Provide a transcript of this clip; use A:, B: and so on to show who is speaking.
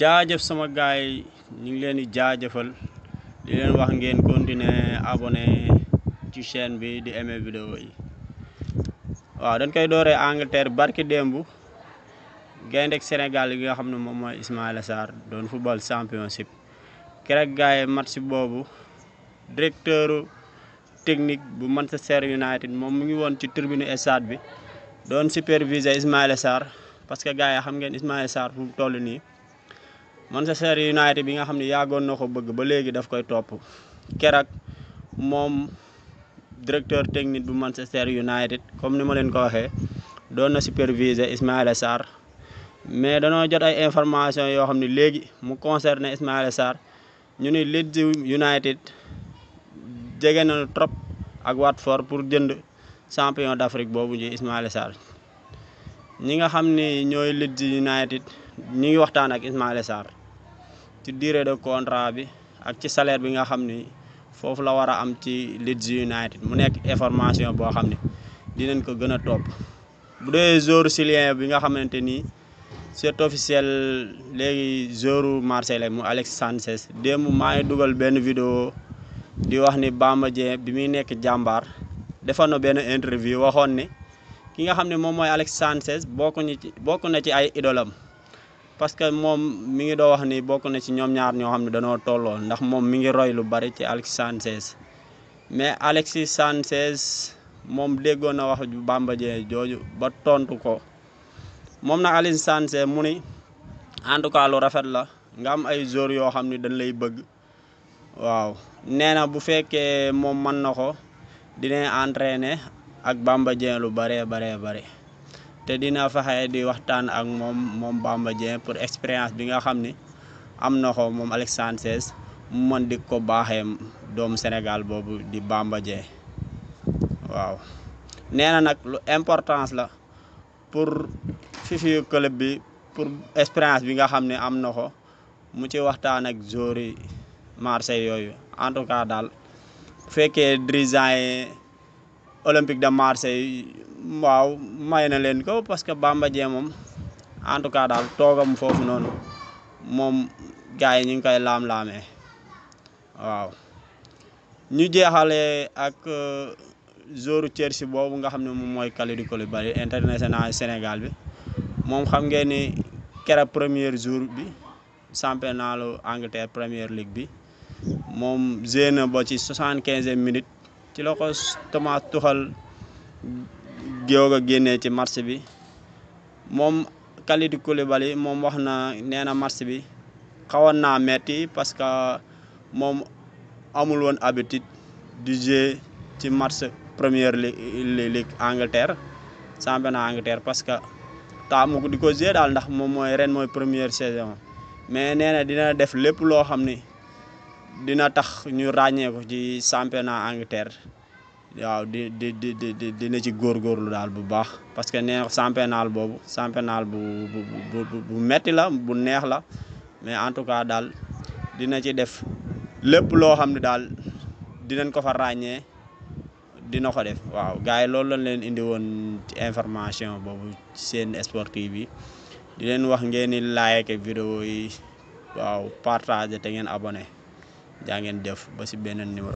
A: jaajëf sama gaay ñu ngi leen di jaajëfal di leen wax ngeen continuer abonné ci chaîne bi di aimer vidéo yi waaw dañ koy dooree Angleterre barki démb gaynde ak Sénégal yi nga xam ne moom mooy Ismaïla Sarr doon football championship keroog gaay match boobu directeur technique bu Manchester United moom mu ngi woon ci tribune stade bi doon superviser Ismaïla Sarr parce que gaay yi xam ngeen Ismaïla Sarr fu mu toll nii Manchester United bi nga xam ne yàggoon na ko bëgg ba léegi daf koy topp keroog moom directeur technique bu Manchester United comme ni ma leen ko waxee doon na superviser Ismaïla Sarr mais danoo jot ay information yoo xam ni léegi mu concerne Ismaïla sar ñu ni Leeds United jege na trop ak fort pour jënd champion d'Afrique boobu ji Ismaïla sar ñi nga xam ni ñooy Leeds United ñu ngi waxtaan ak Ismaïla Sarr ci durée de contrat bi ak ci salaire bi nga xam ni foofu la war a am ci Leeds United mu nekk information boo xam ni dinañ ko gën a topp bu dee joueur chilien bi nga xamante ni c'est officiel léegi joueur Marseille la mu Alex Sanchez démb maa ngi dugal benn vidéo di wax ni Bamba Dieng bi muy nekk jàmbaar defoon na benn interview waxoon ni ki nga xam ne moom mooy Alex Sanchez bokk na ci bokk na ci ay idolam parce que moom mi ngi doo wax ni bokk na ci ñoom ñaar ñoo xam ne dañoo tolloo ndax moom mi ngi roy lu bari ci Alexis Sanchez mais Alexis Sanchez moom déggoon na wax Bamba Dieng jooju ba tontu ko moom nag Alexis Sanchez mu ni en tout cas lu rafet la nga am ay joueurs yoo xam ne dañ lay bëgg waaw nee na bu fekkee moom mën na ko dinañ entraîner ak Bamba lu baree baree bare té dina fexe di waxtaan ak mom mom Bamba Dieng pour expérience bi nga xamné ni am na ko moom Alexandre Cess mën di ko baxé doomu Sénégal bobu di Bamba Dieng waaw néna nak lu importance la pour fifi club bi pour expérience bi nga xamné amna am ko mu ci waxtaan ak joueur Marseille yooyu en tout cas dal féké drizan Olympique de Marseille waaw may na leen ko parce que Bamba Dieng moom en tout cas daal toogam foofu noonu moom gars yi ñu ngi koy laam-laamee waaw ñu jeexale ak euh, joru Chelsea boobu nga xam ne moom mooy Kalidou Koulibaly international Sénégal bi moom xam ngeen ni kera premier jour bi championnat lu Angleterre Premier League bi moom génn ba ci soixante-quinzième minute ci la ko jóog a génnee ci match bi moom Kalidou Koulibaly moom wax na nee na match bi xawoon naa metti parce que moom amul woon habitude du jeu ci match première ligue Angleterre championnat Angleterre parce que taamu di ko jeu daal ndax moom mooy ren mooy première saison mais nee na dina def lépp loo xam ni dina tax ñu ràññee ko ci championnat Angleterre waaw di di di di di dina ci góorgóorlu daal bu baax parce que neex championnat boobu championnat bu bu bu bu metti la bu neex la mais en tout cas daal dina ci def lépp loo xam ne daal dinañ ko fa ràññee dina ko def waaw gars yi loolu lañ leen indi woon ci information boobu seen sportive yi di leen wax ngeen di like vidéo yi waaw partager te ngeen abonné jaa ngeen def ba si beneen numéro